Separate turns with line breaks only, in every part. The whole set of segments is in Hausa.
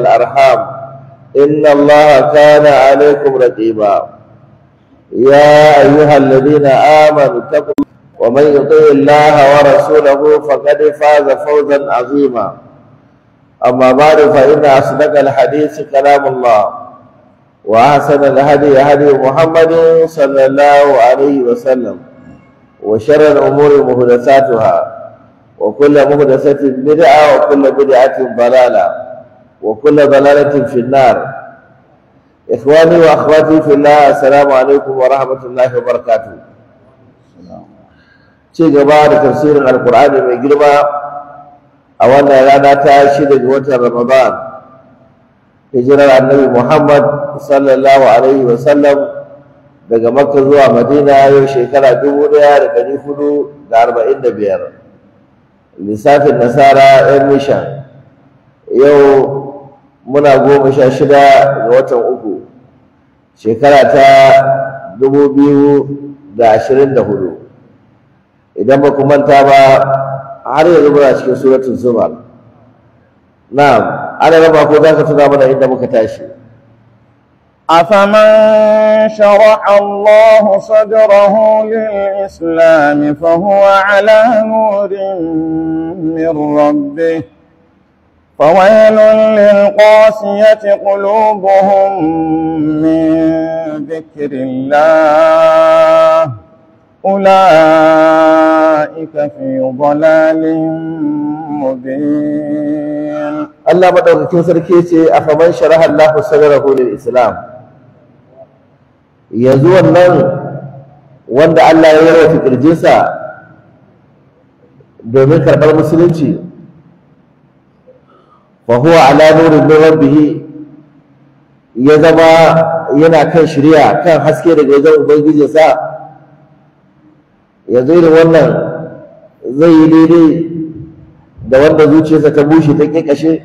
الأرحام إن الله كان عليكم رقيبا يا أيها الذين آمنوا اتقوا ومن يطيع الله ورسوله فقد فاز فوزا عظيما أما بعد فإن أصدق الحديث كلام الله وأحسن الهدي هدي محمد صلى الله عليه وسلم وشر الأمور محدثاتها وكل محدثة بدعة وكل بدعة ضلالة وكل ضلالة في wa إخواني وأخواتي في الله السلام عليكم ورحمة wa وبركاته ci gaba da tafsirin alkur'ani mai girma a wannan rana ta shida ga watan ramadan hijirar annabi muhammad sallallahu alaihi wa sallam daga makka zuwa madina yau shekara dubu ɗaya da ɗari hudu da arba'in da biyar lissafin nasara yan misha yau muna goma sha shida ga watan uku shekara ta dubu biyu da ashirin da hudu idan ba ku manta ba har yanzu muna cikin suratun zumar na'am ana raba ko za ka tuna mana inda muka tashi
أفمن شرح الله صدره للإسلام فهو على نور من ربه فويل للقاسية قلوبهم من ذكر الله أولئك في ضلال مبين الله بدر كثر
كيتي أفمن شرح الله صدره للإسلام يزوى النار وأن الله يرى في wa دومين domin مسلمين fa huwa nuwar bihi ya zama yana kan shirya kan haske daga wajen ubangiji sa yanzu irin wannan zai yi daidai da wanda zuciyarsa ta bushe ta ƙiƙashe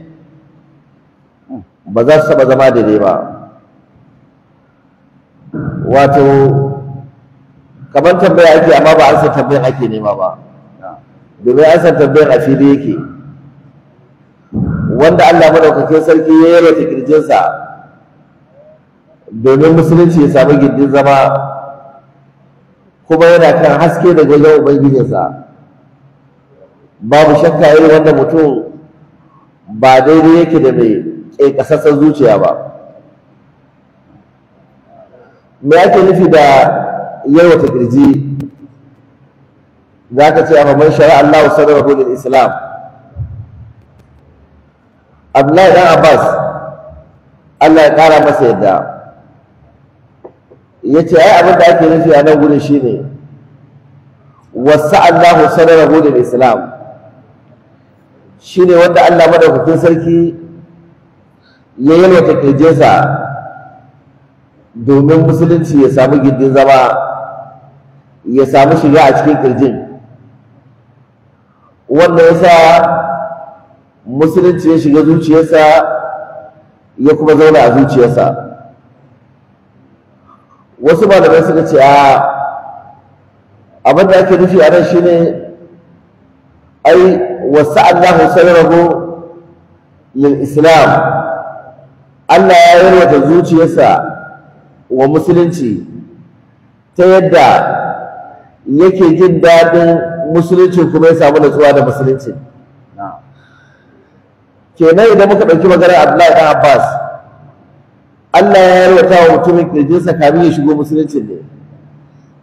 ba za su taɓa zama daidai ba wato kamar tambaya ake amma ba an san tambayan ake nema ba domin an san tambayar a fili yake wanda Allah madaukakin sarki ya yi ta kirjinsa domin musulunci ya samu gindin zama kuma yana kan haske daga yau ubangijinsa babu shakka irin wanda mutum ba daidai yake da mai ƙasassan zuciya ba me ake nufi da yawata kirji za ka ce a mamman shari'a Allah sadar lil islam Abdullahi dan Abbas Allah ya ƙara masa yadda ya ce ai abin da ake nufi a nan gudun shi ne wasu Allah sadara gudun Islam shi ne wanda Allah madaukakin sarki ya yalwata kirjinsa domin musulunci ya samu gindin zama ya samu shiga a cikin kirjin wanda ya sa musulunci ya shiga zuciyarsa ya kuma zauna a zuciyarsa wasu malamai suka ce a abin da ake nufi a nan shine ai wasu allahu sarrafa lil islam Allah ya yarwata zuciyarsa wa musulunci ta yadda yake jin daɗin musulunci kuma ya samu natsuwa da musulunci kenan idan muka ɗauki magana Abdullahi ɗan Abbas Allah ya yalwata wa mutumin ƙirjinsa kamin ya shigo musulunci ne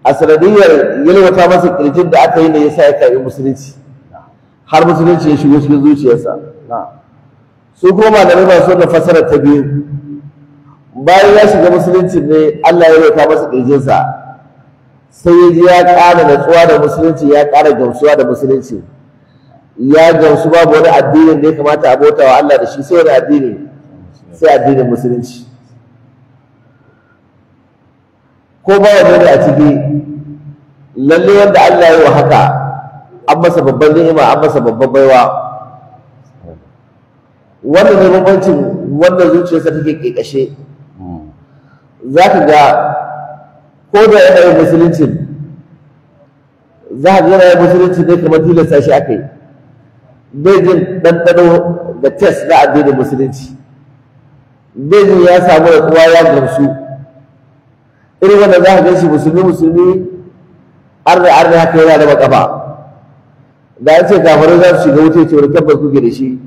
a sanadiyar yalwata masa kirjin da aka yi ne ya sa ya karɓi musulunci har musulunci ya shigo cikin zuciyarsa su kuma malamai ba su da fasara ta biyu bayan ya shiga musulunci ne Allah ya yalwata masa ƙirjinsa. sai ya ji ya ƙara natsuwa da musulunci ya ƙara gamsuwa da musulunci ya gamsu babu wani addinin da ya kamata a bauta wa Allah da shi sai wani addini sai addinin musulunci ko ba wani a ciki lalle wanda Allah ya yi wa haka an masa babban ni'ima an masa babban baiwa wannan ne bambancin wanda zuciyarsa take kekashe za ka ga ko da yanayin musuluncin za ka ga yanayin musuluncin ne kamar tilasta shi aka yi bejin ɗanɗano da tes na addinin musulunci bejin ya samu da kowa ya gamsu irin wanda za ka gan shi musulmi musulmi arna arna haka yana da makafa da an ce kafarai za su shiga wuce ce wani tabbas kuke da shi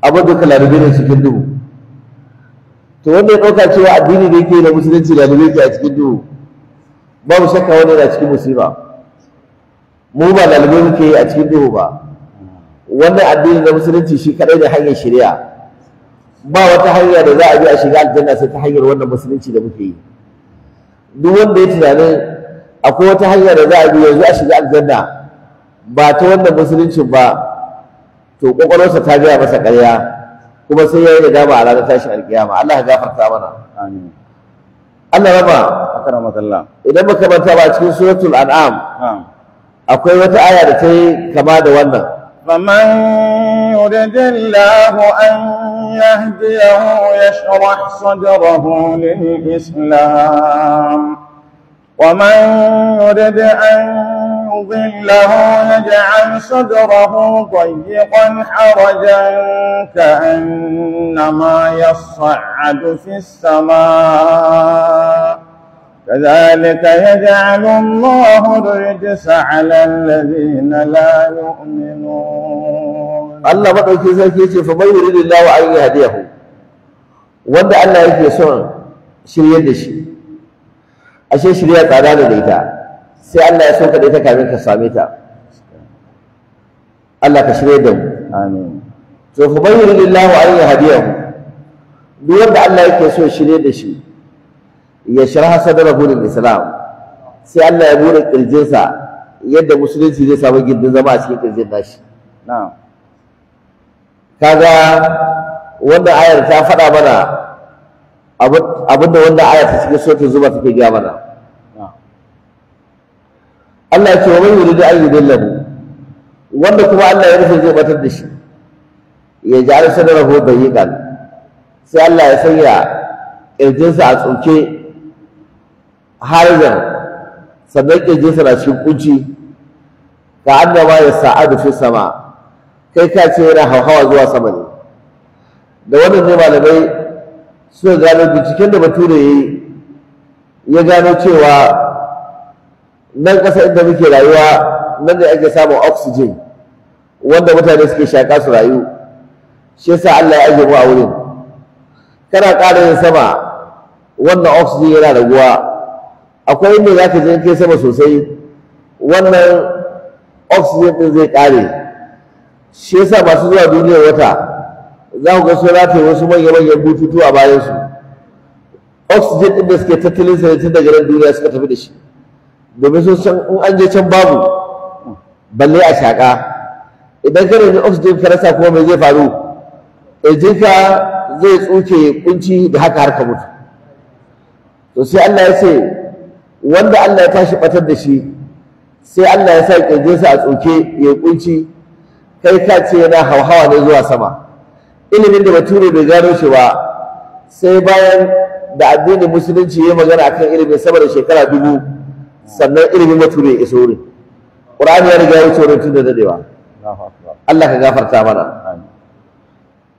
abin duka larabe ne cikin duhu to wanda ya ɗauka cewa addini da yake da musulunci larabe ke a cikin duhu babu shakka wani yana cikin musulma. mu ba lalube muke a cikin duhu ba wannan addini na musulunci shi kadai ne hanyar shari'a ba wata hanya da za a bi a shiga aljanna sai ta hanyar wannan musulunci da muke yi duk wanda ya tunanin akwai wata hanya da za a bi yanzu a shiga aljanna ba ta wannan musuluncin ba to kwakwalwarsa ta gaya masa ƙarya kuma sai ya yi dama a ranar tashin alkiyama Allah ya gafarta mana amin Allah raba idan baka manta ba cikin suratul an'am akwai wata aya da ta yi kama da wannan
فمن يرد الله أن يهديه يشرح صدره للإسلام ومن يرد أن يضله يجعل صدره ضيقا حرجا كأنما يصعد في السماء كذلك يجعل الله الرجس على الذين لا يؤمنون
الله مدوكي sarki ce fa bai yuridu Allah an yahdiyahu wanda Allah yake son shiryar da shi ashe shirya tsada da ita sai Allah ya so ka ta kamin ka same ta Allah ka shirya da mu amin to fa an duk wanda Allah yake son shirye da shi ya shirha sadrahu lil islam sai Allah ya bude ƙirjinsa yadda musulunci zai samu gindin zama a cikin ƙirjin nashi na'am kaga wanda ayar ta faɗa mana abinda wanda ayar ta cikin sautin zuba take gaya mana Allah ya ce wa man yuridu an yudillahu wanda kuma Allah ya rufe zai batar da shi ya ji an sanar da hoton yi sai Allah ya sanya ƙirjinsa a tsoke harzan sannan ƙirjinsa na cikin ƙunci, ka annama ya sa'adu fi sama kai ka ce yana hauhawa zuwa sama ne da wannan ne malamai suka gano binciken da bature ya yi ya gano cewa nan ƙasa inda muke rayuwa nan ne ake samun oxygen wanda mutane suke shaƙa su rayu shi yasa Allah ya ajiye mu a wurin kana ƙara yin sama wannan oxygen yana raguwa akwai inda za ka je ke sama sosai wannan oxygen din zai ƙare shi yasa masu zuwa duniyar wata za ku ga sun rataye wasu manya-manyan bututu a bayansu oxygen ɗin da suke tattalin sa tun daga nan duniya suka tafi da shi domin sun san in an je can babu balle a shaƙa idan ka nemi oxygen ka rasa kuma mai zai faru ƙirjinka zai tsuke kunci da haka har ka mutu to sai Allah ya ce wanda Allah ya tashi batar da shi sai Allah ya sa kirjinsa a tsoke ya kunci kai ka ce yana hauhawa ne zuwa sama ilimin da bature bai gano shi ba sai bayan da addinin musulunci ya magana akan ilimin sama da shekara dubu sannan ilimin bature ya iso wurin
ƙur'ani ya riga ya wuce wurin tun
da dadewa Allah ka gafarta mana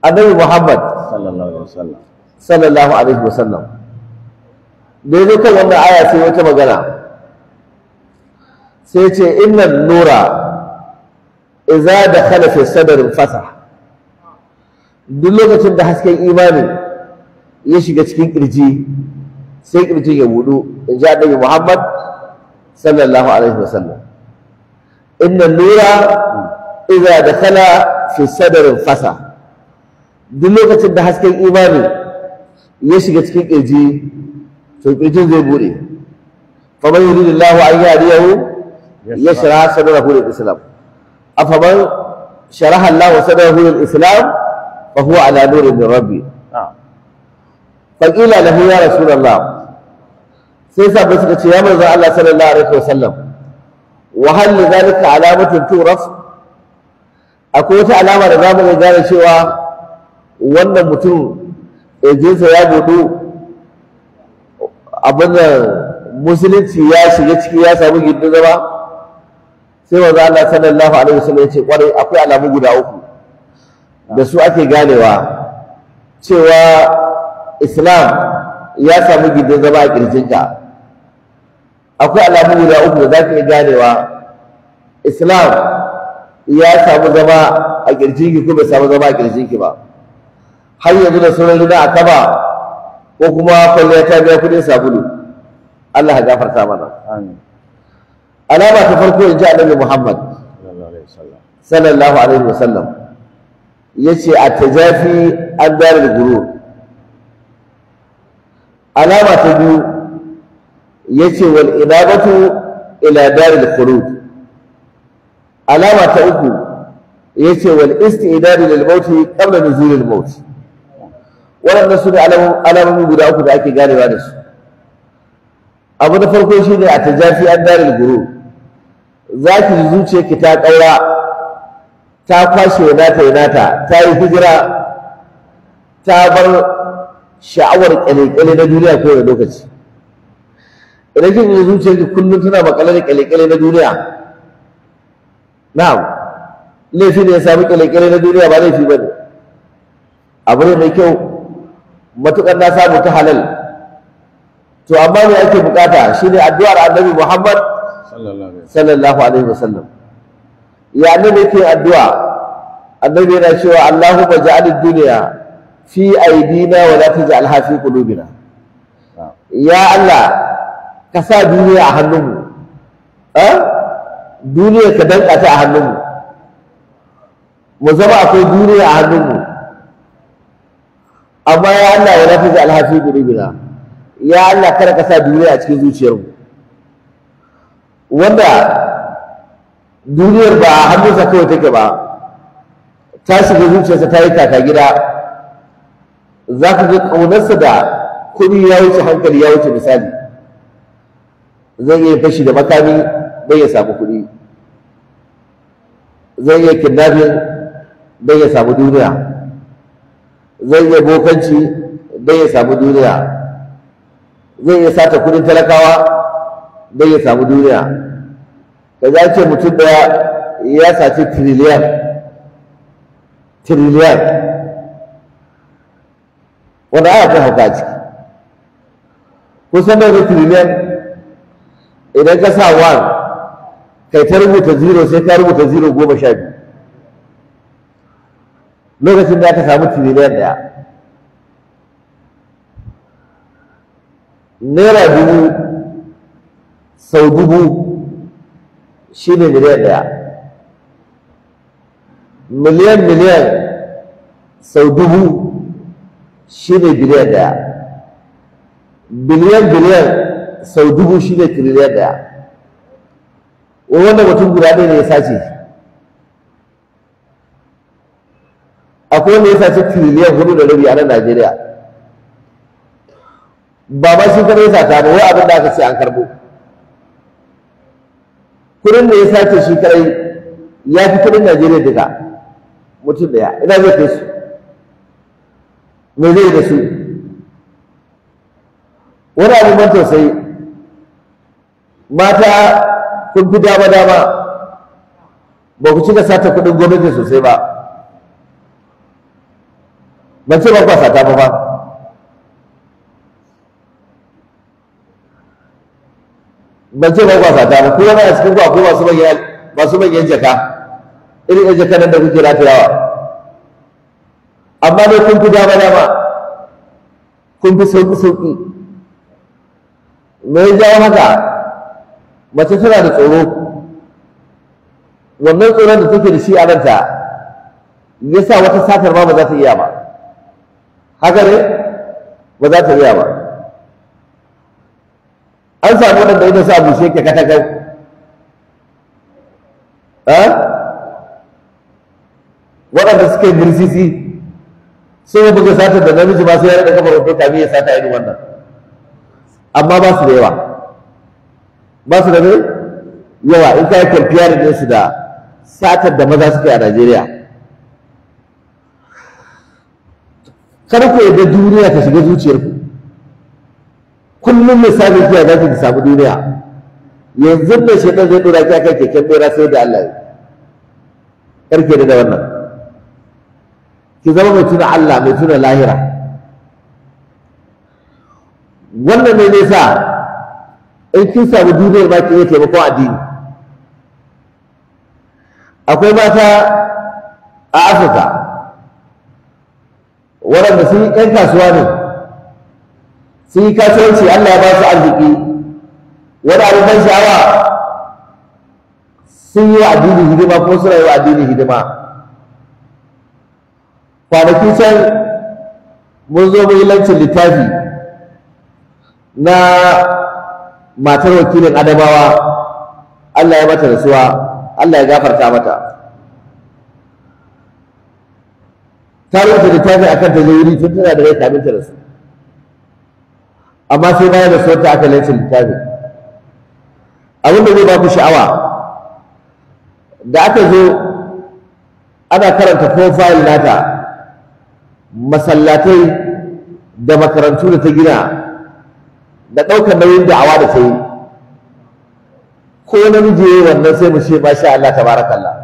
annabi Muhammad sallallahu alaihi wasallam daidai kan wannan aya sai wata magana sai ce inna nura iza da khalafi sadarin fasa duk lokacin da hasken imani ya shiga cikin kirji sai kirjin ya wudu in ji annabi muhammad sallallahu alaihi wasallam inna nura iza da khala fi sadarin fasa duk lokacin da hasken imani ya shiga cikin kirji to kirjin zai bude faman yuridillahu an yi yahdiyahu yashra sadrahu lil islam A afaman sharaha Allahu sadrahu lil islam fa huwa ala nurin min rabbi ah. faqila lahu ya rasulullah sai sabbi suka ce ya manzo Allah sallallahu alaihi wasallam wa hal lidhalika alamatun turaf akwai wata alama da zamu gane cewa wannan mutum ejinsa ya budu abin nan musulunci ya shiga ciki ya samu gindin zama sai manzo Allah sallallahu alaihi wasallam ya ce kwarai akwai alamu guda uku da su ake ganewa cewa islam ya samu gindin zama a kirjinka akwai alamu guda uku da za ka ganewa islam ya samu zama a kirjinki ko bai samu zama a kirjinki ba har yanzu da sauran gida a kaba ko kuma kwalliya ta biya kuɗin sabulu Allah ya gafarta mana alama ta farko in ji annabi Muhammad sallallahu alaihi wasallam yace a tajafi an da gurur alama ta biyu yace wal idabatu ila darul khulud alama ta uku yace wal istidad lil maut qabla nuzul al maut waɗannan su ne alamomi guda uku da ake ganewa da su abu na farko shi ne a tajafi an daril guru za ki ji zuciyarki ta ƙaura ta kwashe nata nata ta yi hijira ta bar sha'awar ƙyale-ƙyale na duniya kowane lokaci idan kin yi zuciyarki kullum tana maƙale da ƙyale-ƙyale na duniya na'am laifi ne ya sami ƙyale-ƙyale na duniya ba laifi ba ne abu ne mai kyau matukar na samu ta halal to amma me ake bukata shine addu'ar annabi Muhammad sallallahu alaihi wasallam ya annabi ke addu'a annabi yana cewa Allahumma ja'al ad-dunya fi aidina wa la taj'alha fi qulubina ya Allah ka sa duniya a hannunmu eh duniya ka danka ta a hannunmu mu zama akwai duniya a hannunmu amma ya Allah ya nafi alhafi gudubina ya Allah kada ka sa duniya a cikin zuciyarmu wanda duniyar ba hannunsa kawai take ba ta shiga zuciyarsa ta yi kaka gida za ka ga ƙaunarsa da kuɗi ya wuce hankali ya wuce misali zai iya fashi da makami bai ya samu kuɗi zai iya kidnapping bai ya samu duniya zai iya bokanci don ya samu duniya zai iya sata kudin talakawa don ya samu duniya da za ce mutum daya ya saci tiriliyan tiriliyan wanda aka ta hauka ciki kusan da tiriliyan idan ka sa one kai ta rubuta zero sai ka rubuta zero goma sha biyu lokacin da aka samu tiriliyar ɗaya naira dubu sau dubu shi ne miliyan ɗaya miliyan miliyan sau dubu shi ne biliyan ɗaya biliyan biliyan sau dubu shi ne tiriliyar ɗaya wanda mutum guda ɗaya ne ya sace akwai wanda ya cikin tiliyan hudu da rabi a nan Najeriya ba ba shi kuma ya sata ba wai abin da aka ce an karbo kudin da ya sace shi kadai ya fi kudin Najeriya duka mutum daya ina zai kai su me zai da su wani abin ban tausayi mata kun fi dama dama ba ku cika sata kudin gwamnati sosai ba ban ce ba kwasa sata ba ba ban ce ba ku sata ba kuma a cikin ku akwai masu manyan masu manyan jaka irin yan jaka nan da kuke ratirawa amma ne kun fi dama dama kun fi sauki sauki me ya jawo haka mace tana da tsoro wannan tsoron da take da shi a ranta ya sa wata satar ma ba za ta iya ba haka ne ba za ta iya ba an samu wadanda ita sa bushe ke katakau waɗanda suke birsisi sun yi buga satar da namiji ba sai da rika kafar wato kami ya sata yin wannan amma ba su da yawa ba su da ne yawa in ka yi kamfiyar da su da satar da maza suke a najeriya kar ku yadda duniya ta shiga zuciyarku kullum misali kiya za ki samu duniya yanzu da shaitan zai dora ki akan keken bera sai da Allah karke da wannan ki zama mai tuna Allah mai tuna lahira wannan ne nesa in kin samu duniyar ba ki iya taimakon addini akwai mata a Afirka waɗanda sun yi ‘yan kasuwa ne sun yi kasuwanci Allah ya ba su arziki wani abin ban sha'awa sun yi wa addini hidima ko suna yi wa addini hidima kwanaki can mun zo mun yi lancin littafi na matar wakilin adamawa Allah ya mata rasuwa Allah ya gafarta mata ta rubuta littafi akan ta yi tun tana da rai kamin ta su. amma sai bayan da sauta aka laice littafin abin da zai ba ku sha'awa da aka zo ana karanta profile nata masallatai da makarantu da ta gina da ɗaukar nauyin da'awa da ta yi ko namiji wannan sai mu ce sha Allah tabarakallah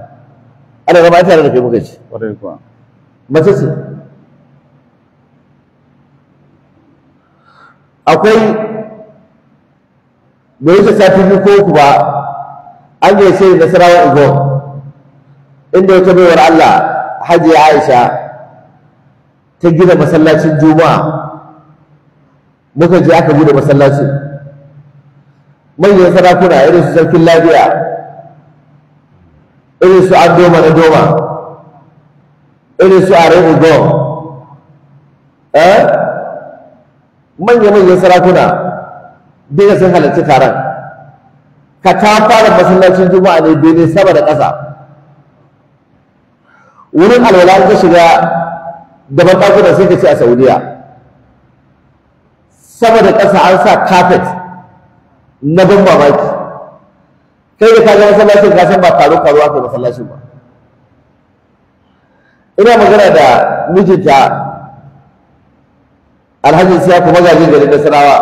ana zama tare da kai muka ci mace ce akwai da yake sati biyu ko kuwa an yi da nasarawa igor inda wata baiwar Allah Haji, Aisha ta gina masallacin Juma'a muka je aka bude masallacin manyan sarakuna irin su sarkin lafiya irin su an doma na doma irin su are ugon eh? manya manya sarakuna duka sun halarci taron ka ta fara masallacin juma'a ne bene saba da ƙasa wurin alwala ta shiga gaban ɗakunan sai ka ce a saudiya sama da ƙasa an sa kafet na ban mamaki kai da ka ga masallacin ka san ba karo karuwa ke masallacin ba ina magana da mijinta alhaji siya ku magajin garin nasarawa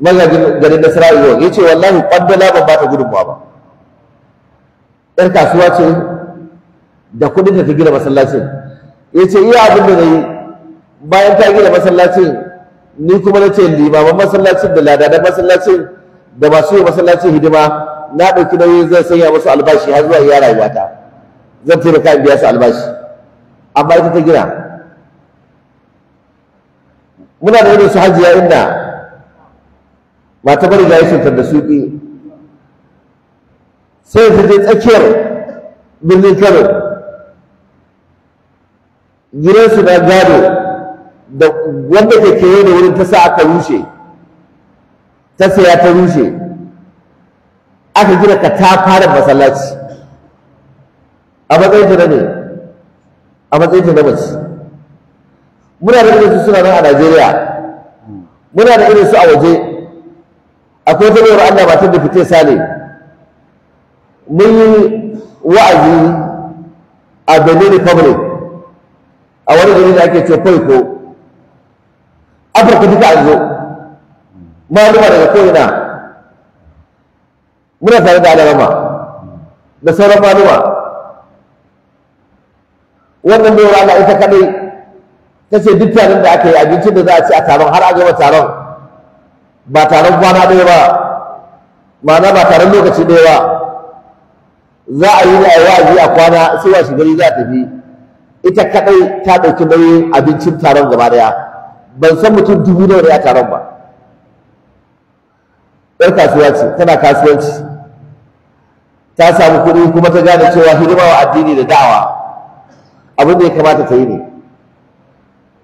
magajin garin nasarawa yau ya ce wallahi ƙwandala ban ba ta gudunmuwa ba ɗan kasuwa ce da kuɗin da ta gina masallacin ya ce iya abin da na yi bayan ta gina masallacin ni kuma na ce limaman masallacin da ladadan masallacin da masu yi masallacin hidima na ɗauki nauyin zan sanya musu albashi har zuwa iya rayuwata zan taimaka in biya su albashi amma ita ta gina muna da irin su hajiya inda mata bari ga yasin da suke. sai ta je tsakiyar birnin kano gidansu na gado da wanda ke kewaye da wurin ta sa aka rushe ta saya ta rushe aka gina ka ta fara masallaci a matsayin ta ne a matsayin ta na muna da irin su suna nan a Najeriya muna da irin su a waje akwai ta nuna Allah matar da fice sale mun yi wa'azi a Benin Republic a wani gari da ake ce ko. Afirka duka an zo maluma daga ko'ina muna tare da alama da sauran maluma wannan bai wala ita kadai ta ce duk taron da aka yi abincin da za a ci a taron har a gama taron ba taron kwana ɗaya ba ma'ana ba taron lokaci ɗaya ba za a yi ne a wa'azi a kwana sai washe gari za a tafi ita kadai ta ɗauki nauyin abincin taron gaba ɗaya ban san mutum dubu nawa ne a taron ba ɗan kasuwa ce tana kasuwanci ta samu kuɗi kuma ta gane cewa hidima wa addini da da'awa abin da ya kamata ta yi ne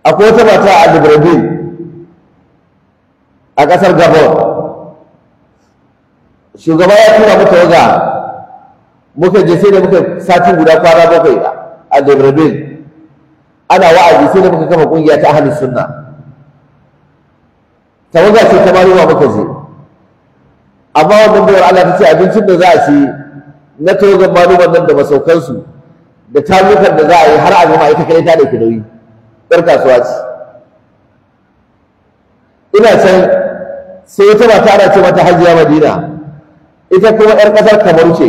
akwai wata mata a libreville a ƙasar gabon shugaba ya tura mata waga muka je sai da muka sati guda kwana bakwai a libreville ana wa'azi sai da muka kafa ƙungiya ta ahalin sunna tawaga ce ta mariwa muka je amma wannan bayar Allah ta ce abincin da za a ci na tawagan maruwan nan da masaukansu da tarukan da za a yi har a gama ita kai ta ke nauyi ɗar kasuwa ce ina can sai wata mata ana ce mata hajiya madina ita kuma yar ƙasar kamar ce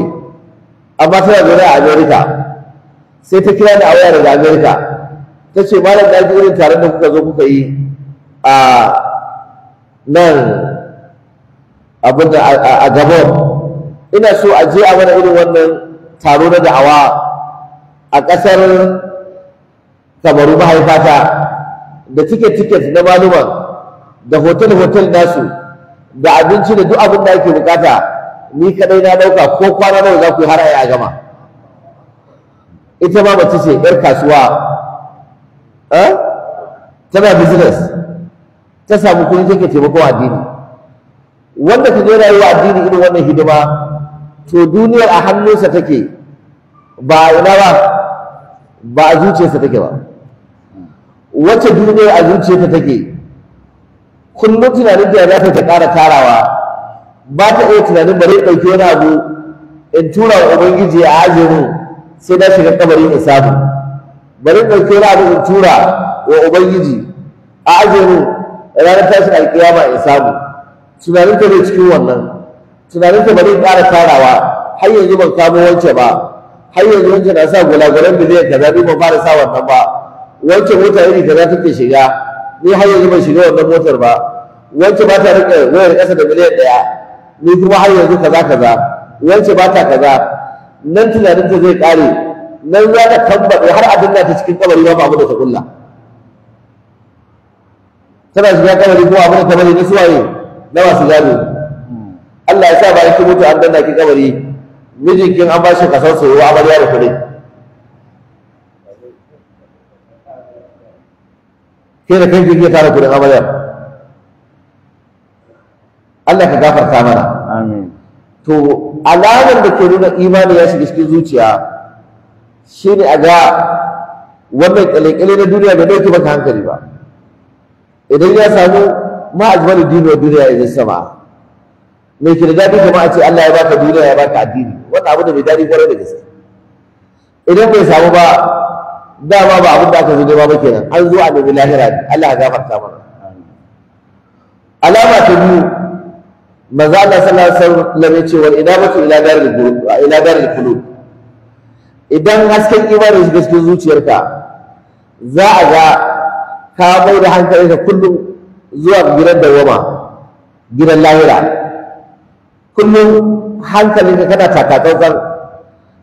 amma tana zaune a amerika sai ta kira da a waya daga amerika ta ce malam na irin taron da kuka zo kuka yi a nan abin da a gabon ina so a je a mana irin wannan taro na da'awa a ƙasar kamaru mahaifata da tiket-tiket na maluma da hotel-hotel nasu da abinci da duk abin da ake bukata ni kadai na ɗauka ko kwana nawa za ku yi har a gama ita ma mace ce 'yar kasuwa eh? tana business ta samu kuɗi take taimakon addini wanda ta je rayuwa addini irin wannan hidima to duniyar a hannunsa take ba ina ba ba a zuciyarsa take ba wacce duniya a ta take kullum tunanin da za ta ƙara tarawa ba ta iya tunanin bari ɗauki wani abu in tura wa ubangiji a ajiye sai na shiga kabarin in samu bari ɗauki wani abu in tura wa ubangiji a ajiye ranar tashin alƙiyama in samu tunanin ta ne cikin wannan tunanin ta bare ƙara tarawa har yanzu ban kamo wance ba har yanzu wancan na sa gulagulan miliyan kaza ni ban fara sa wannan ba wancan mota iri kaza take shiga ni har yanzu ban shiga wannan motar ba wancan ba ta rike wayar kasa da miliyan ɗaya ni kuma har yanzu kaza kaza wancan ba ta kaza nan tunaninta zai ƙare nan za ta tambaye har a da ta cikin kabari ba mu da ta tana shiga kabari ko abin da kabari na suwaye na masu gado hmm. Allah ya sa ba ki mutu an danna ki kabari mijin kin an ba shi su soyayya amarya da kuɗi ke da kanki ke tara kudin amarya Allah ka gafarta mana amin to alamar da ke nuna imani ya shiga cikin zuciya shine a ga wannan kyalekyale na duniya bai dauke maka hankali ba idan ya samu ma ajmalu dinu duniya idan sama Mai ke da daɗi kamar a ce Allah ya baka duniya ya baka addini Wata abu da mai daɗi kwarai da gaske idan bai samu ba dama ba abin da aka zo nema ba kenan an zo a nemi lahira ne Allah ya gafarta mana alama ta biyu manzo Allah sallallahu alaihi wasallam ya ce wal idabatu ila daril qulub ila daril qulub idan hasken imani shiga gaske zuciyarka za a ga ka mai da hankalinka kullum zuwa gidan dawama gidan lahira kullum hankalinka kana takatsantsan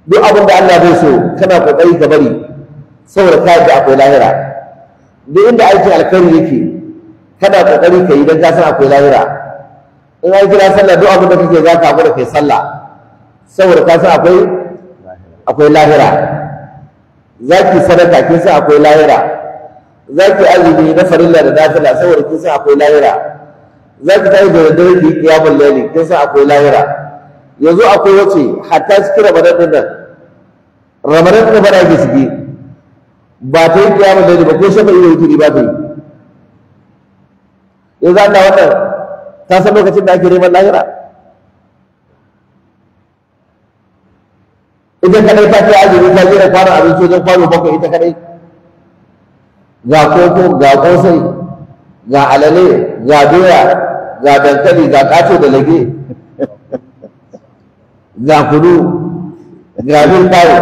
duk abin da Allah zai so kana kokari ka bari saboda ka yadda akwai lahira duk inda aikin alkhairi yake kana kokari ka yi don ka san akwai lahira in an kira sallah duk abin da kake za ka gura kai sallah saboda ka san akwai akwai lahira za ki sadaka kin san akwai lahira za ki azumi na farilla da dafila saboda kin san akwai lahira za ki tashi da daddare ki kiyamul layli kin san akwai lahira yanzu akwai wace hatta cikin ramadan din nan ramadan din bada ke ciki ba ta yi kiyamul layli ba ko shafa iya wuturi ba ta yi yanzu Allah wannan ta san lokacin da ake neman lahira ita kadai ta ce azumi ta jera fara abinci wajen kwano bakwai ita kadai ga koko ga kosai ga alale ga doya ga dankali ga kato da lage ga kudu ga bin kawo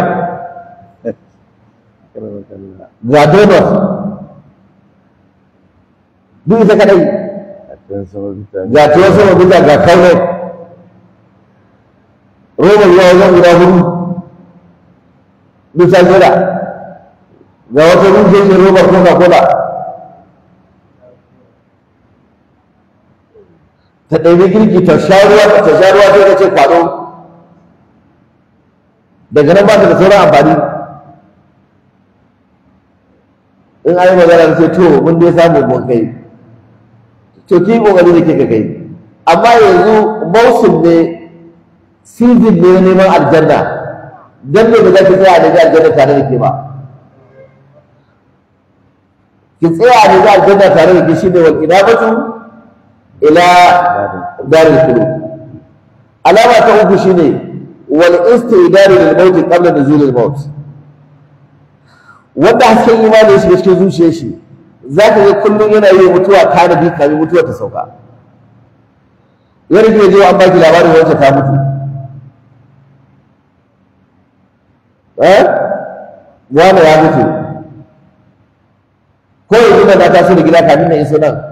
ga dodo duk ita kadai ga tuwa sama bita ga kaunar roma ya zan guda hudu bisa gida ga wata rijiyar roma kuma cola ta ɗaibi girki ta sha ruwa ta sha ruwa sai ta ce kwaɗo daga nan ba ta da sauran amfani in an yi magana ce to mun dai samu mun kai to ki kokari da kika kai amma yanzu mausul ne sizin ne neman aljanna don ne ba za ki tsaya a neman aljanna tare da ke ba ki tsaya a neman aljanna tare da ke shi ne wal inabatu ila daril khulud alama ta uku shine wal istidari lil maut qabla nuzul al maut wanda hasken imani shi cikin zuciyar shi zaka ga kullum yana yi mutuwa ta bika kamin mutuwa ta sauka ya rike je an baki labarin wacce ta mutu eh wani ya mutu ko yanzu da na tasiri da gida kamin na iso nan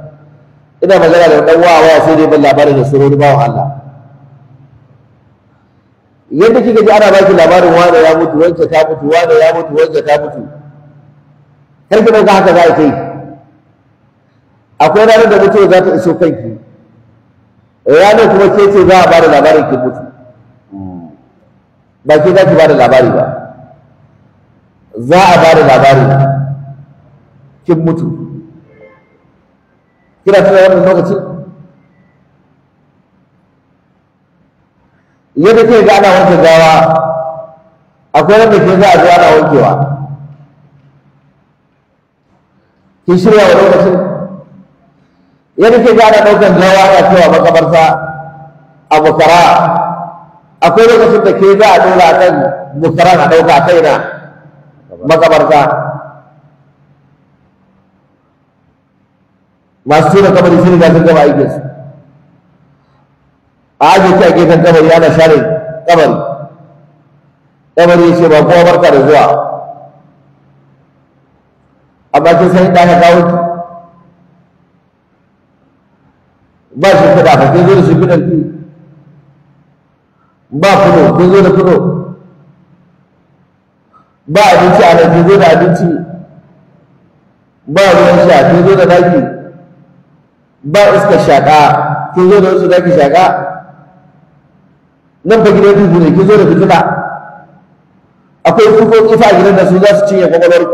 ina magana da dan wa wa sai dai ban labarin da surori ba Allah yadda kika ji ana ki labarin wa da ya mutu wanda ta mutu wa da ya mutu wanda ta mutu kar ki dauka haka za ki yi akwai ranar da mutuwa za ta iso kanki ranar kuma ke ce za a bada labarin ki mutu ba ke za ki bada labari ba za a bada labari kin mutu kira tuna wannan lokacin yadda ke ga ana wanke gawa akwai wanda ke za a zuwa ana wankewa ki shirya wa lokacin yadda ke ga ana ɗaukan gawa ana cewa makabarta a bukara akwai lokacin da ke za a ɗora a kan bukara na ɗauka a kaina makabarta masu tura kabari ne riga sun gama aikin su a ajiye ki a gefen kabari ana share kabari kabari ya ce ba kowa barka da zuwa amma kin san inda aka kawo ki ba shi kuɗa fa kin zo da shi kuɗan ki ba kuɗo kin zo da kuɗo ba abinci a nan kin zo da abinci ba ruwan sha kin zo da daki ba iska shaƙa kin zo da wasu za ki shaƙa nan ba gidan duhu ne kin zo da fitina akwai tsufofi fa gidan da su za su cinye kwakwalwar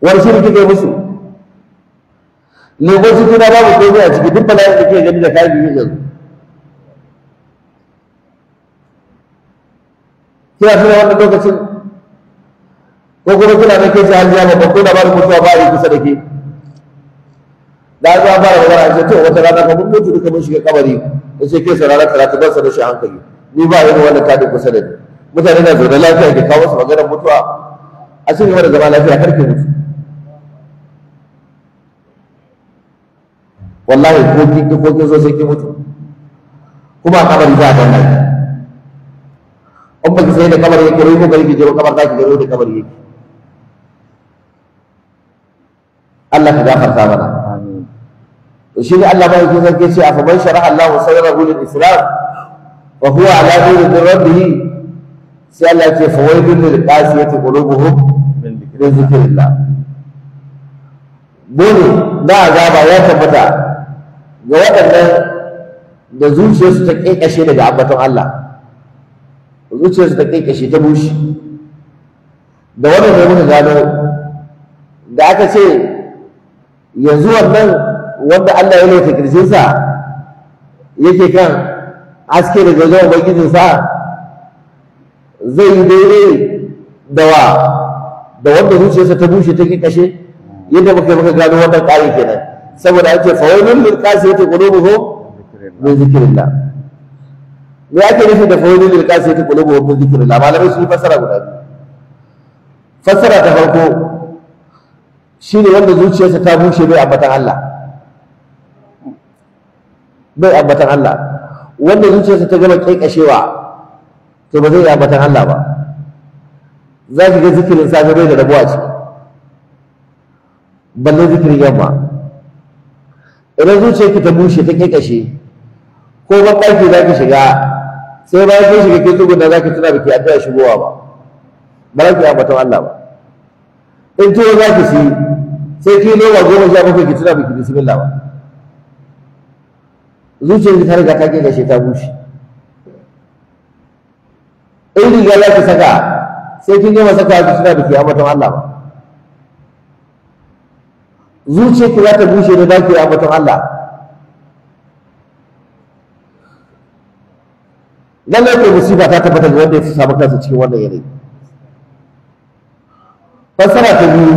wani shi kike musu leƙon fitina babu komai a ciki duk bala'in da kike gani da kayan biyu yanzu kina tuna wannan lokacin ko kuma kina da kai ji hajiya babban ko da ba da mutuwa ba a yi kusa da ke da zuwa fara magana a ce to wata rana ka mun mutu duka mun shiga kabari da ce ke sauraron karatu ban sa rashin hankali ni ba yi wani kadin kusa da ni mutane na zaune lafiya ke kawo su maganar mutuwa a cikin wani zama lafiya har ke mutu wallahi ko kin ki ko kin zo sai ki mutu kuma kabari za a danna ki in baki sai da kabari yake rai ko gari ki je kabar za ki garo da kabari yake Allah ka gafarta mana to shi ne Allah bai kusa ke ce a faman sharaha Allah sadrahu lil islam wa huwa ala nuri min rabbih sai Allah ce fa waylun lil qasiyati qulubuhum min zikrillah dole na azaba ya tabbata ga waɗannan da zuciyarsu ta ƙeƙashe daga ambaton Allah zuciyarsu ta ƙeƙashe ta bushe da wannan ne muka gano da aka ce yanzu wannan wanda Allah ya laifi kirjinsa yake kan haske daga wajen ubangijinsa zai yi daidai da wa da wanda zuciyarsa ta bushe ta kashe yadda muka muka gano wannan ƙari kenan saboda ake fawailun lil qasiyati mai zikirin da me ake nufi da fawailun lil qasiyati mai zikirin da, malamai sun fassara guda biyu fassara ta farko shi ne wanda zuciyarsa ta bushe bai ambatan Allah bai ambatan Allah wanda zuciyarsa ta gama kashewa to ba zai yi ambatan Allah ba za ki ga zikirin safe bai da rabuwa ciki balle zikirin yamma idan zuciyarki ta bushe ta kashe ko ba ɗaki za ki shiga sai ba kin shiga ke kin da za ki tuna da ke addu'a shigowa ba ba za ki yi ambatan Allah ba in tuwo za ki si sai ki noma goma sha bakwai ki tuna da ke bismillah ba zuciyar ta riga ta ke gashe ta bushe in riga za ki saka sai kin gama saka ki suna biki ambaton Allah ba zuciyar ki za ta bushe da baki ambaton Allah lallai ko musiba ta tabbata ga wanda ya samu kansa cikin wannan yanayi fassara ta biyu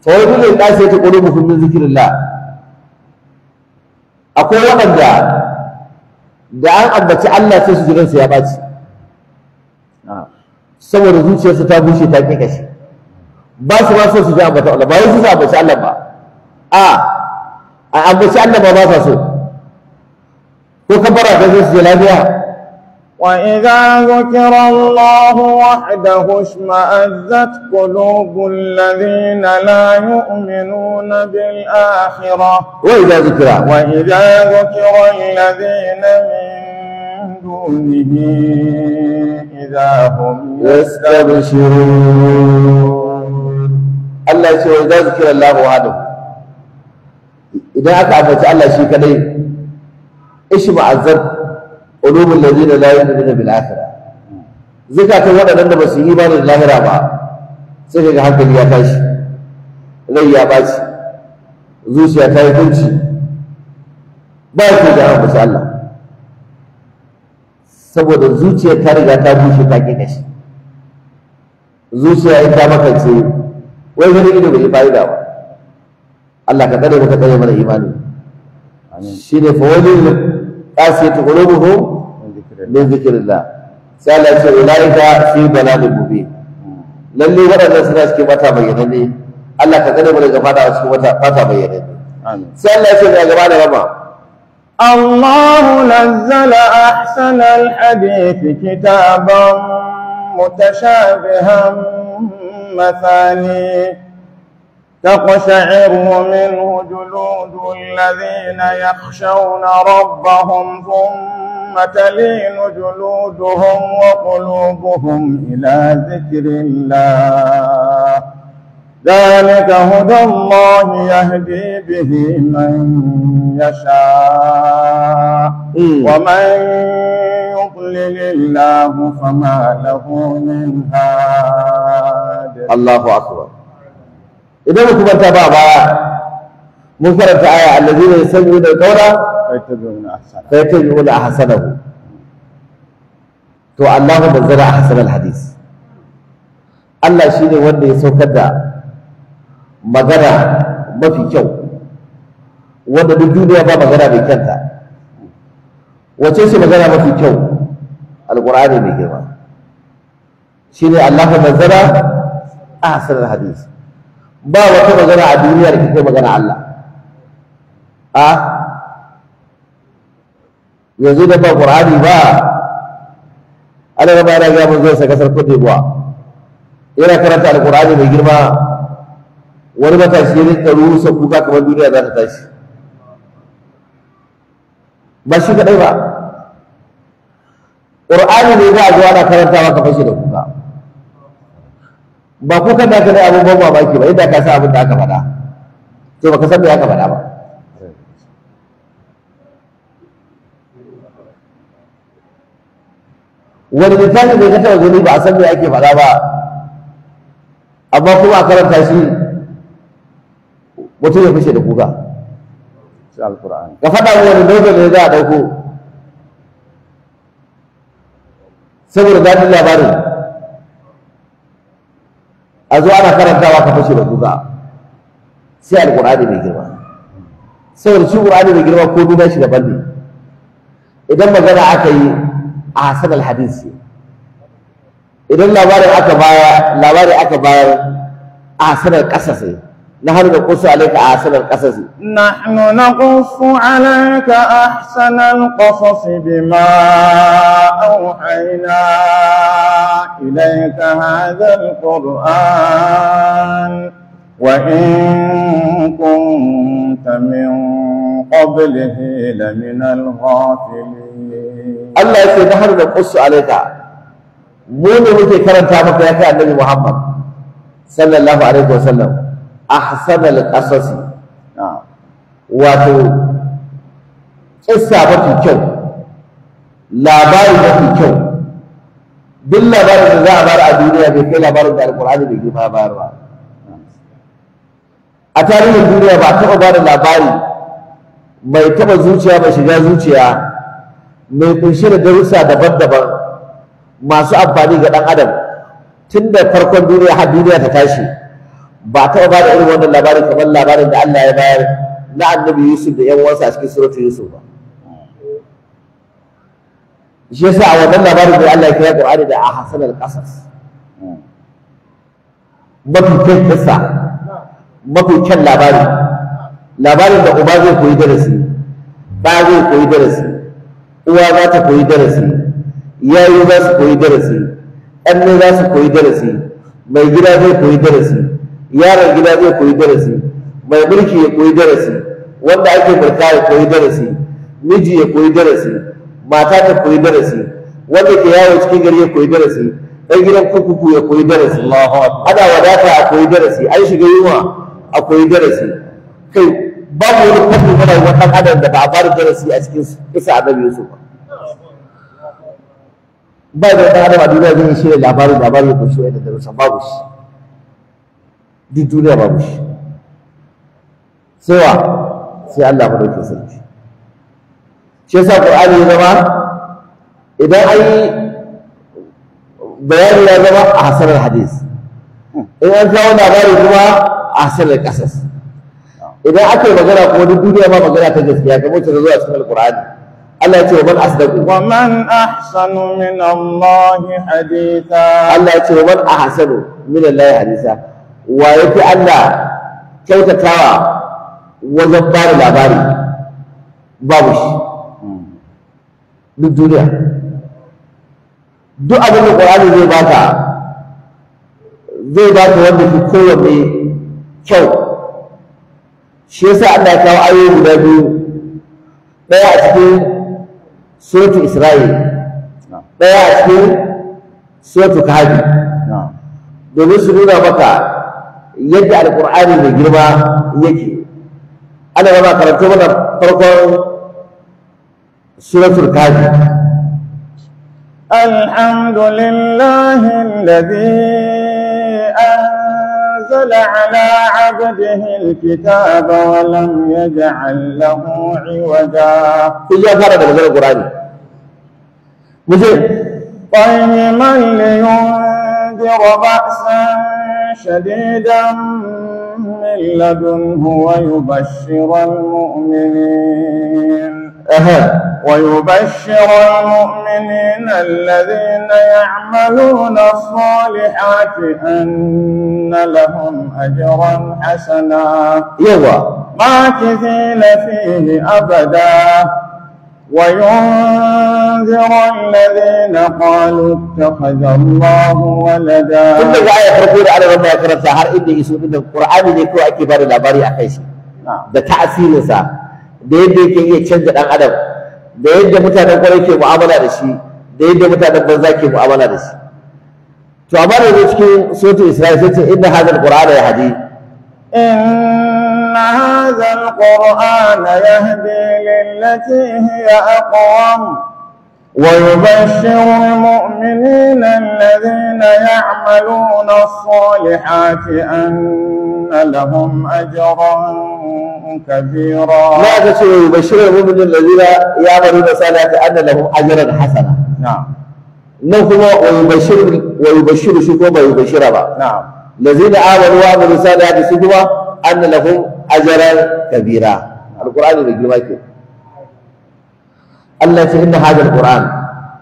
fa wai dole ya kasa ta qulubuhum zikirin zikrillah akwai waɗanda da an ambaci Allah sai su ji ransa ya ɓaci saboda zuciyarsa ta bushe ta kashi ba su ma so su ji ambata Allah ba wai su ambaci Allah ba a a ambaci Allah ba ba sa so ko kabara ta sai su je lafiya
وإذا ذكر الله وحده اشمأزت قلوب الذين لا يؤمنون بالآخرة
وإذا ذكر وإذا
ذكر الذين من دونه إذا هم
يستبشرون الله يقول إذا ذكر الله وحده إذا أكعبت الله شيء كذلك إيش qulubul ladina la yu'minuna bil akhirah zakatan waɗannan da ba su yi ba da lahira ba sai ga hankali ya tashi rai ya baci zuciya ta yi kunci ba ku da an bisa Allah saboda zuciyar ta riga ta bushe ta ƙi kashi zuciya ita makance wai wani ido bai fa'ida ba Allah ka tsare maka tsare mana imani ne fa wani qasiyatu ko. min zikirillah sai Allah ya ce ulaika fi dalalin mubin lalle waɗannan suna cikin mata bayyananne Allah ka tsare mu daga fata a cikin mata fata bayyananne sai Allah ya ce ga gaba da rama
الله نزل أحسن الحديث كتابا متشابها مثاني تقشعر منه جلود الذين يخشون ربهم ثم تلين جلودهم وقلوبهم إلى ذكر الله ذلك هدى الله يهدي به من يشاء ومن يضلل الله فما له من
هاد الله أكبر إذا كنت بقى mun karanta aya allazina yastami'una al-qawla fayattabi'una ahsanahu to Allahu nazzara ahsan al-hadith Allah shine wanda ya saukar da magana mafi kyau wanda duk duniya ba magana mai kyanta wace ce magana mafi kyau alqur'ani mai girma shine Allahu nazzara ahsan al-hadith ba wata magana a duniyar da kike magana Allah a yanzu da ba ƙur'ani ba alaƙa gaba yana gaya mun zai sa kasar kuɗi buwa yana karanta alƙur'ani mai girma wani matashi ya rinka rusa kuka kamar duniya za ta tashi ba shi kaɗai ba ƙur'ani ne za a zuwa ana karantawa ka fashe da kuka ba kuka da aka ne abin ban mamaki ba inda ka sa abin da aka faɗa to ba ka san me aka faɗa ba wani littafi da ka taɓa gani ba a san me ake faɗa ba amma kuma a karanta shi mutum ya fashe da kuka ka faɗa wa wani dauka ne za a ɗauko saboda daɗin labarin a zuwa ana karantawa ka fashe da kuka sai alƙur'ani mai girma saboda shi ƙur'ani mai girma ko duba shi daban ne idan magana aka yi a الحديث إذن idan labarin aka baya labarin aka bayar a نحن نقص عليك أحسن القصص
نحن نقص عليك أحسن القصص بما أوحينا إليك هذا القرآن وإن كنت من قبله لمن الغافلين
Allah ya ce har da qussu alayka mu ne muke karanta maka ya kai annabi Muhammad sallallahu alaihi wasallam ahsanal qasasi wato kissa mafi kyau labari mafi kyau duk labarin da za a bar a duniya bai kai labarin da alkur'ani bai girma bayar ba a tarihin duniya ba taɓa ba da labari mai taɓa zuciya mai shiga zuciya mai kunshi da darussa daban-daban masu amfani ga ɗan adam tun da farkon duniya har duniya ta tashi ba taɓa ba da irin wannan labarin kamar labarin da Allah ya bayar na annabi Yusuf da ƴan uwansa a cikin suratu Yusuf ba shi yasa a wannan labarin da Allah ya kira Qur'ani da ahsan al-qasas mafi kyan kissa mafi kyan labari labarin da uba zai koyi darasi ba zai koyi darasi uwa za ta koyi darasi yayi za su koyi darasi ne za su koyi darasi mai gida zai koyi darasi yaron gida zai koyi darasi mai mulki ya koyi darasi wanda ake mulka ya koyi darasi miji ya koyi darasi mata ta koyi darasi wanda ke yawo cikin gari ya koyi darasi ɗan gidan kukuku ya koyi darasi ana wadata a koyi darasi an shiga yunwa a koyi darasi kai babu wani kudu na rayuwar adam da ba a fara darasi a cikin isa annabi yusuf ba da wata adam a duniya zai shi da labari labari ya kunshi wani darussa babu shi duk duniya babu shi sai sai Allah mu dauke sarki shi yasa Qur'ani ya zama idan an yi bayani ya zama a hasarar hadis in an kawo labari kuma a hasarar kasas idan aka yi magana kuma duk duniya ma magana ta gaskiya kamar ta zuwa cikin al'kur'ani. Allah ya ce wa man asdaqu wa man
ahsanu min Allahi haditha Allah ya ce wa man
ahsanu min Allahi haditha wa yafi Allah kyautatawa wajen zabbar labari babu shi duk duniya duk abin da Qur'ani zai baka zai baka wanda fi kowanne kyau shi yasa Allah ya kawo ayoyi guda biyu ɗaya a cikin suratul Isra'il ɗaya a cikin suratul Kahfi domin su nuna maka yadda alƙur'ani mai girma yake ana gama karanto mana farkon
suratul Kahfi الحمد لله الذي أنزل على عبده الكتاب ولم يجعل له عوجا
كل يفرد من القرآن مجيب
قيما لينذر بأسا شديدا من لدنه ويبشر المؤمنين أها ويبشر المؤمنين الذين يعملون الصالحات أن لهم أجرا حسنا يوا ماكثين فيه أبدا وينذر الذين قالوا اتخذ الله
ولدا كنت جاي يحرقون على ربنا كرة سهر إني إسوء إن القرآن يكون أكبر أخيسي نعم ده تأثير سهر da yadda yake iya canza ɗan adam da yadda mutanen kwarai ke mu'amala da shi da yadda mutanen banza ke mu'amala da shi to amma da cikin sotu isra'il sai ce inna hadal qur'ana ya hadi
inna hadal qur'ana yahdi lillati hiya aqwam ويبشر المؤمنين الذين يعملون الصالحات أن لهم أجرا
كبيرا لا تشير يبشر المؤمنين الذين يعملون الصالحات أن لهم أجرا حسنا نعم نوكما ويبشر ويبشر شكوما يبشر با نعم الذين آمنوا وعملوا الصالحات شكوما أن لهم أجرا كبيرا القرآن يقول Allah ya ce inna hadal qur'an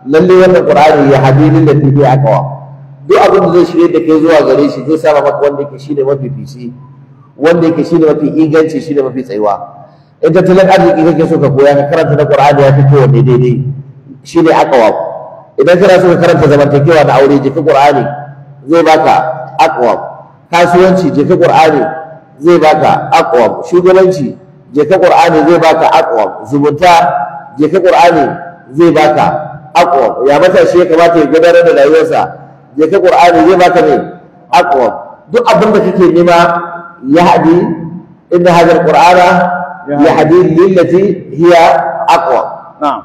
lalle wannan qur'ani ya hadini da fi aqwa duk abin da zai shirye da kai zuwa gare shi zai saba maka wanda yake shine mafi fifi wanda yake shine mafi inganci shine mafi tsayuwa in tattalin arziki kake so ka koya ka karanta na qur'ani ya fito wanda daidai shine aqwa idan kana so ka karanta zamantakewa da aure je qur'ani zai baka aqwa kasuwanci je qur'ani zai baka aqwa shugabanci je qur'ani zai baka aqwa zubuta je ka qur'ani zai baka aqwa ya matashi ya kamata ya gudanar da rayuwarsa je ka qur'ani zai baka ne aqwa duk abin da kake nema ya hadi inna hadha qur'ana ya hadi lillati hiya aqwa na'am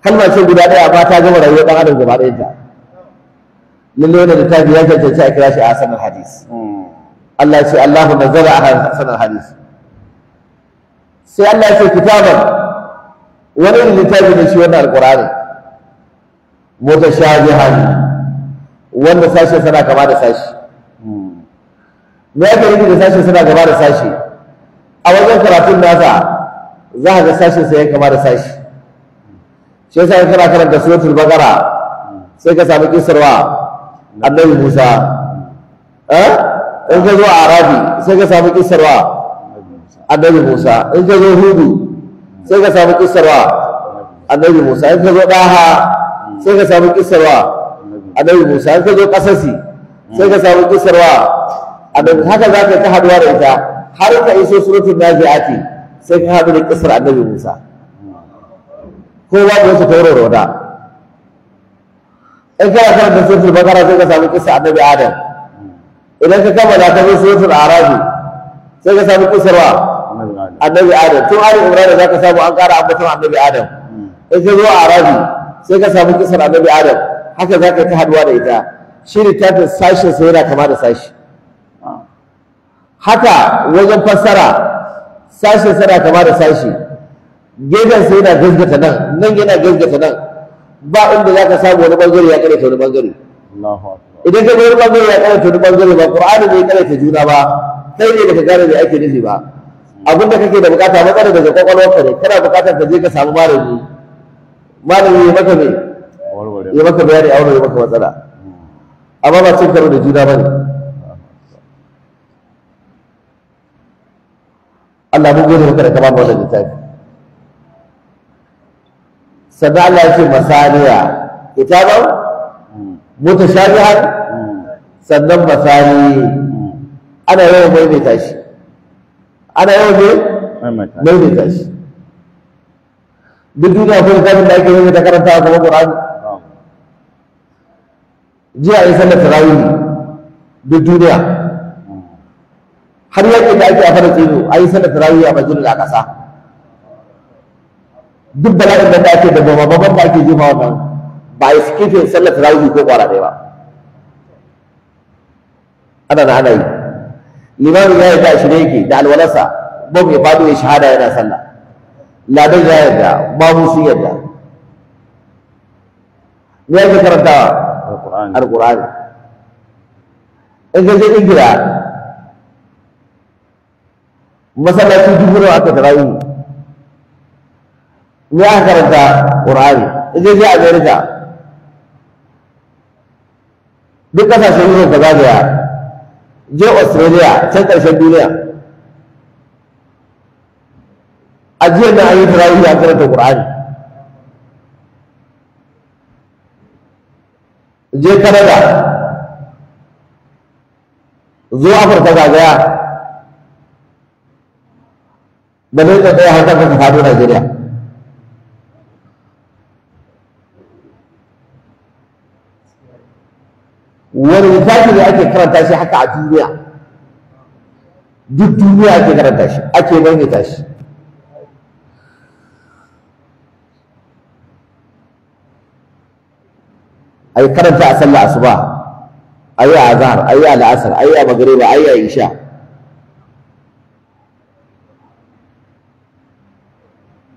kalma ce guda daya ba ta gama rayuwar dan adam gaba ɗayanta lalle wannan littafi ya cancanci a kira shi a hasanul hadis Allah ya ce Allahu nazzala a hasanul hadis sai Allah ya ce kitaban wani irin littafi ne shi wannan alƙur'ani mutashabihan wanda sashe suna kama da sashe. me aka yi da sashe suna gaba da sashe. a wajen karatun nasa za ka ga sashen sai ya kama da sashe. shi yasa in kana karanta suratul baqara sai ka samu kisarwa annabi Musa eh? in ka zo arabi sai ka samu kisarwa annabi Musa in ka zo hudu sai ka samu a annabi musa in ka zo daha sai ka samu a annabi musa in ka zo kasasi sai ka samu a annabi haka za ka ta haduwa da ita har ka iso suratul nazi'ati sai ka haɗu da kissar annabi musa ko ba ka wasu tauro roda in kana da suratul bakara sai ka samu kissar annabi adam idan ka kammala ka zo suratul arabi sai ka samu kissarwa annabi adam tun ali imran da zaka samu an ƙara ambaton annabi adam in ka zo a sai ka samu kisar annabi adam haka zaka yi ta haduwa da ita shi ta sashen sai yana kama da sashi haka wajen fassara sashi sai na kama da sashi gefen sai yana gazgata nan nan yana gazgata nan ba inda zaka samu wani bangare ya kare ta wani bangare idan ka wani bangare ya kare ta wani bangare ba qur'ani bai kare ta juna ba kai ne ka gane me ake nufi ba abin da kake da bukata matsala daga kwakwalwarka ne kana bukatar ka je ka samu malami malami ya maka me ya maka bayani a wani maka matsala amma ba cin karo da juna ba ne Allah mun gode maka da kama ba wannan littafi sannan Allah ya ce masaniya ita ba mutashabihan hmm. sannan masani hmm. ana yawan maimaita shi ana yawan ne ta shi duk duniya ko littafin da ake ta karanta kuma qur'ani jiya yi sallar tarawih duk duniya har yakin da ake a fara tsino a yi sallar tarawih a majalis a ƙasa duk bala'in da ake da babban da ake jefa wannan ba a yi skifin sallar tarawih ko ƙwara ba ana na ana yi limamin ya yarda shi ne yake da alwalarsa bom ya fado ya shahada yana sallah ladan ya yarda babu sun yarda me yake karantawa alqur'ani in ka je ingila masallaci dubu nawa aka tara yi me aka karanta qur'ani in ka je Amerika, duk kasashen yuro ka zagaya je australia can ƙarshen duniya a jiya na an yi tarawih a karanta qur'ani je canada zo afirka zagaya ba zai tsaye har ka faɗo najeriya wani littafi ne ake karanta shi haka a duniya duk duniya ake karanta shi ake maimaita shi ai karanta a sallar asuba ayi a azhar ayi a la'asar ayi a magriba ayi a isha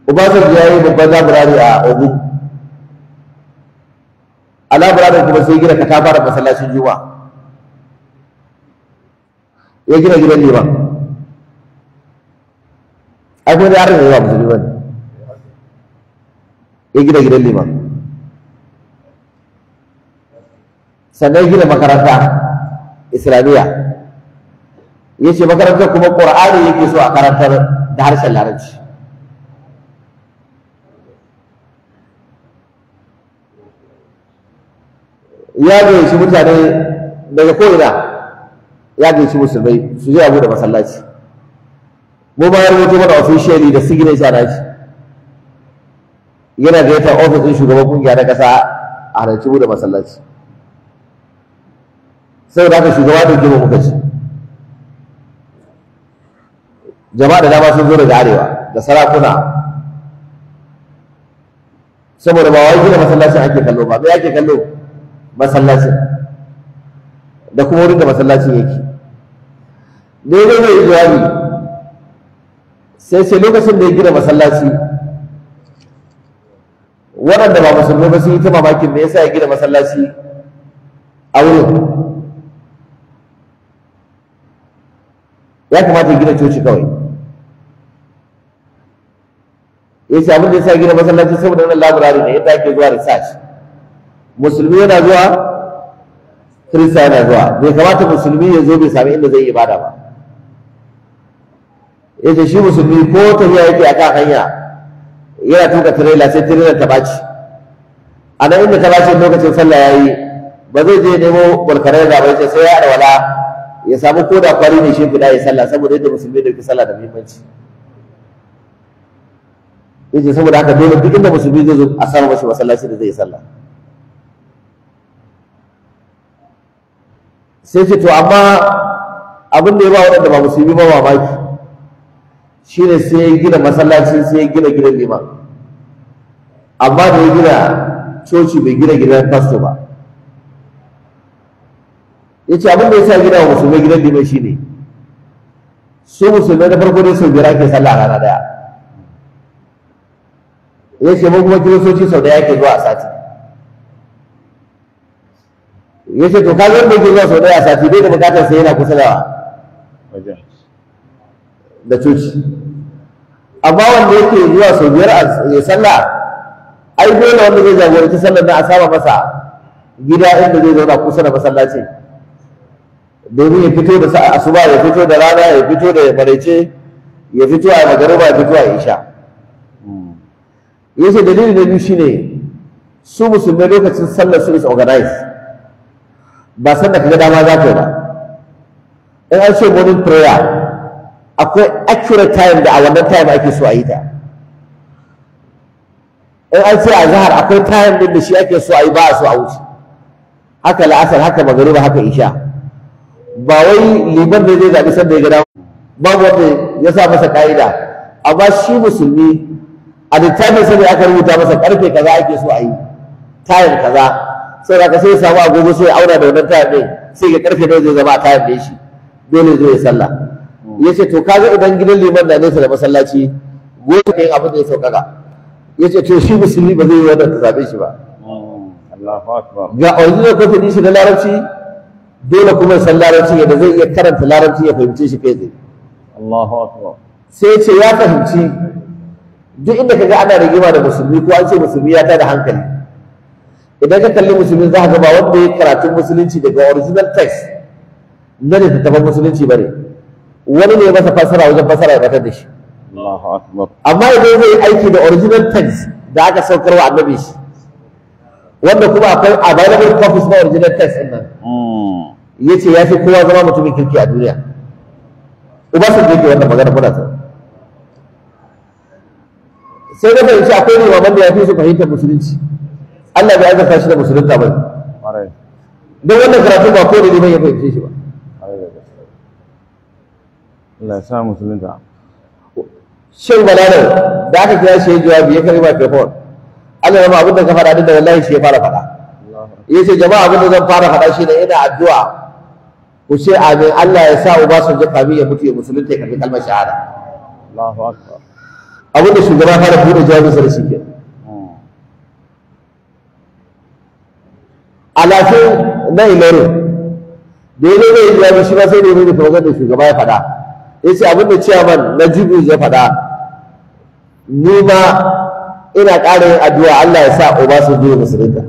Obasanjo ya yi babban zaburari a Ogun alabaradar kuma sai gina katafarar masallacin juma'a ya gina gidan ba ai kuma yaran ne ba musulmi ba ne ya gina gidan ba sannan ya gina makaranta islamiyya ya ce makarantar kuma ƙur'ani yake so a karantar da harshen larabci ya gayyaci mutane daga ko'ina ya gayyaci musulmai su je Abu da masallaci mu ma ya rubuto mana officially da signature na shi yana gayyata ofis ofisin shugaban kungiya na ƙasa a halarci da masallaci sai da aka shugaba da girma muka ci jama'a da dama sun zo daga arewa da sarakuna saboda ba wai gina masallacin ake kallo ba me ake kallo masallacin da kuma wurin da masallacin yake daidai mai jawabi sai sai lokacin da ya gina masallaci waɗanda ba musulmai ba sun yi ta mamakin me yasa ya gina masallaci a wurin ya kamata ya gina coci kawai ya ce abin da ya sa gina masallaci saboda wannan labirari ne yadda ake zuwa research musulmi yana zuwa kirista yana zuwa bai kamata musulmi ya zo bai sami inda zai yi ibada ba yace shi musulmi ko tafiya yake a kan hanya yana tuka tirela sai tirela ta baci a nan inda ta baci lokacin sallah ya yi, ba zai je nemo barkarai da ba yace sai ya wala. ya samu ko da kwari ne shi guda ya sallah saboda yadda musulmi da ke sallah da muhimmanci yace saboda haka dole duk inda musulmi zai zo a samu mashi masallaci da zai yi sallah sai ce to
amma
abin da ya ba waɗanda ba musulmi ba mamaki shi ne sai ya gina masallacin sai ya gina gidan nema amma da ya gina coci bai gina gidan fasto ba ya ce abin da ya sa gina wa musulmi gidan nema shi ne su musulmi na farko dai sau biyar ake sallah a rana daya ya ce mun kuma kiristoci sau daya ake zuwa a sati ya ce to ka zan da zuwa sau daya sati bai da bukatar sai yana kusa da da coci amma wanda yake zuwa sau biyar a sallah ai dole wanda zai jagoranci sallar na a saba masa gida inda zai zauna kusa da masallaci. domin ya fito da sa'a asuba ya fito da rana ya fito da maraice ya fito a magariba ya fito a isha hmm. ce dalilin na biyu shine su musulmai lokacin sallar su is organized ba san da kaga dama za ka ba in an ce morning prayer akwai accurate time da a wannan time ake so a yi ta in an ce a zahar akwai time din da shi ake so a yi ba a so a wuce haka la'asar haka magariba haka isha ba wai liman da zai zaɓi sanda ya gada dama babu wanda ya sa masa ka'ida amma shi musulmi a littafin sai aka rubuta masa karfe kaza ake so a yi tayin kaza sai da ka sai samu agogo sai aura da wannan tayar ɗin sai ga karfe nawa zai zama a tayar ɗin shi dole zai yi sallah ya ce to kaga idan gidan liman da nesa da masallaci gobe ka yi abin da ya sauƙaƙa ya ce to shi musulmi ba zai yi wannan ta zaɓe shi ba
ga original kofin shi na larabci
dole kuma san larabci yadda zai iya karanta larabci ya fahimci shi kai tsaye sai ce ya fahimci duk inda ka ga ana rigima da musulmi ko an ce musulmi ya tada hankali idan ka kalli musulmi za ka ba wanda ya karatun musulunci daga original text na da tattafan musulunci ba ne wani ne masa fasara wajen fasara ya batar da shi amma idan zai yi aiki da original text da aka saukar wa annabi shi wanda kuma akwai available copies na original text din nan hmm. yace ya fi kowa zama mutumin kirki a duniya uba sun yake wannan magana muna ta sai da fahimci akwai ne wa wanda ya fi su fahimtar musulunci Allah bai azurta shi da musulunta ba don wannan karatu ba ko da ne ya fahimce shi ba Allah sa musulunta shin balalar da aka kira shi jawabi ya karba telefon Allah ya ma abin da ka fara da wallahi shi ya fara faɗa ya ce jama'a abin da zan fara faɗa shi ne ina addu'a ku ce amin Allah ya sa uba su ji kami ya mutu ya musulunta ya karbi kalmar shahada Allahu akbar abin da shugaba fara buɗe jawabinsa da shi kenan alafin na ilori da ya nuna yin jami shi ba sai da yi nuna da shugaba ya faɗa ya ce abin da man na jibi ya faɗa ni ma ina ƙara yin addu'a Allah ya sa uba su biyu musulunta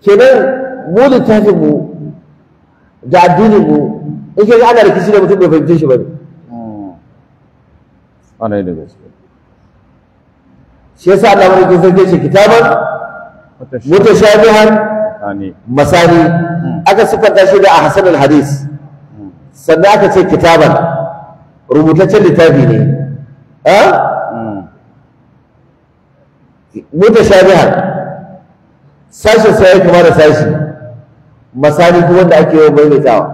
kenan mu littafin mu da addinin mu in kaga ana rikici da mutum bai fahimce shi ba ne. Hmm. shi yasa Allah madaukakin sarki ce kitaban mutashabihan masani hmm. aka sifanta shi da ahsanul hadis hmm. sannan aka ce kitabar. rubutaccen littafi ne ha hmm. mutashabihan sashin sai kuma da sashi masani kuma wanda ake yawan maimaitawa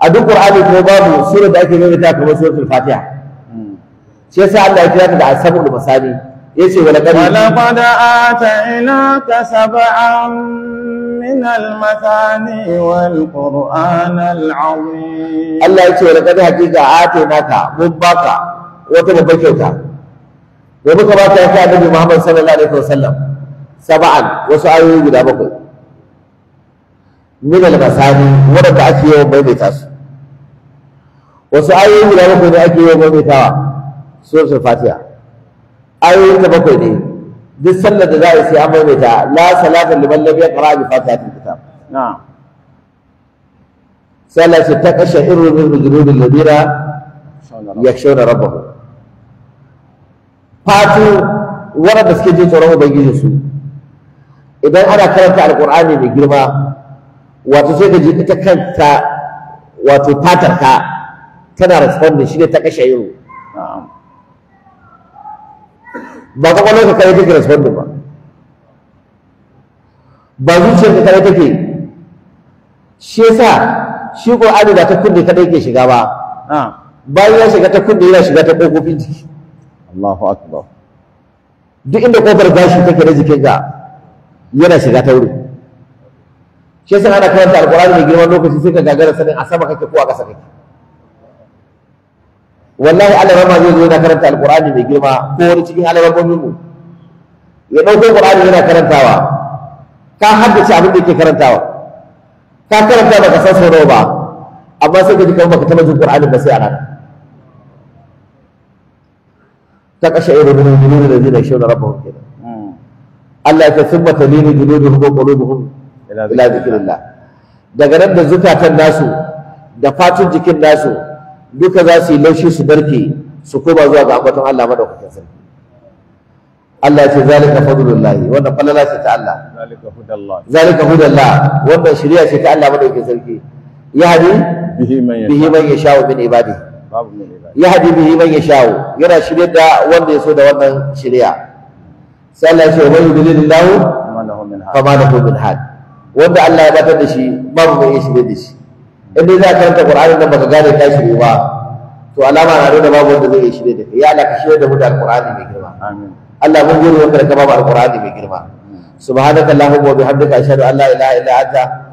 a duk qur'ani kuma babu surar da ake maimaitawa kamar suratul fatiha shi yasa Allah ya kira da asabul masani yace wala qad wala qad
atainaka sab'an min al-masani wal qur'an
al-azim Allah yace wala qad hakika atainaka mun baka wata babbar kyauta da muka ba ta yasa Annabi Muhammad sallallahu alaihi wasallam sab'an wasu ayoyi guda bakwai min al-masani wanda ake yawan maimaita su wasu ayoyi guda bakwai ne ake yawan maimaitawa suratul fatiha ayoyin ta bakwai ne duk sallar da za a yi sai an maimaita la salata liman lam yaqra bi fatihatil kitab na'am sallah ce ta kashe irin min junubil ladina yakshawna rabbahum fatu da suke jin tsoron ubangiji su idan ana karanta alqur'ani mai girma wato sai ka ji ita kanta wato fatarka tana da shi ne ta kashe irin na'am ba ka kwakwalwar ka kare take responding ba ba zuciyar ka kare take shi sa shi qur'ani ba ta kunne ta ke shiga ba ah. bayan ya shiga ta kunne yana shiga ta kofofin jiki Allahu akbar duk inda kofar gashi take da jikin ka yana shiga ta wuri shi yasa ana karanta alqur'ani mai girman lokaci sai ka gagara sanin a sama kake ko a ƙasa kake wallahi alamar ma zai zo yana karanta alqur'ani mai girma ko wani cikin alamar gwamnatin mu ya ɗauko qur'ani yana karantawa ka haddace abin da yake karantawa ka karanta baka san sau ba amma sai ka ji kamar baka taɓa jin qur'ani ba sai a nan ta kashe irin min al-mulul ladina yashawna rabbahum kenan Allah ya tsumma talinu juluduhum wa qulubuhum ila zikrillah daga nan da zukatan nasu da fatun jikin nasu duka za su yi laushi su barke su koma zuwa ga ambaton Allah madaukakin sarki Allah ya ce zalika fadlullahi wannan falala ce ta Allah zalika hudallah wannan shari'a ce ta Allah madaukakin sarki yahdi bihi man yasha min ibadi yahdi bihi man yasha yana shirye da wanda ya so da wannan shari'a sai Allah ya ce wa yudlilillahu fama lahu min had wanda Allah ya batar da shi babu mai shirye da shi inda za ka karanta Qur'ani nan baka gane ka shirye ba to alama na nuna babu wanda zai iya shirye da kai ya Allah ka shirye da mu da Al-Qur'ani mai girma amin Allah mun gode maka da ka babu Al-Qur'ani mai girma subhanaka allahumma wa bihamdika ashhadu an la ilaha illa anta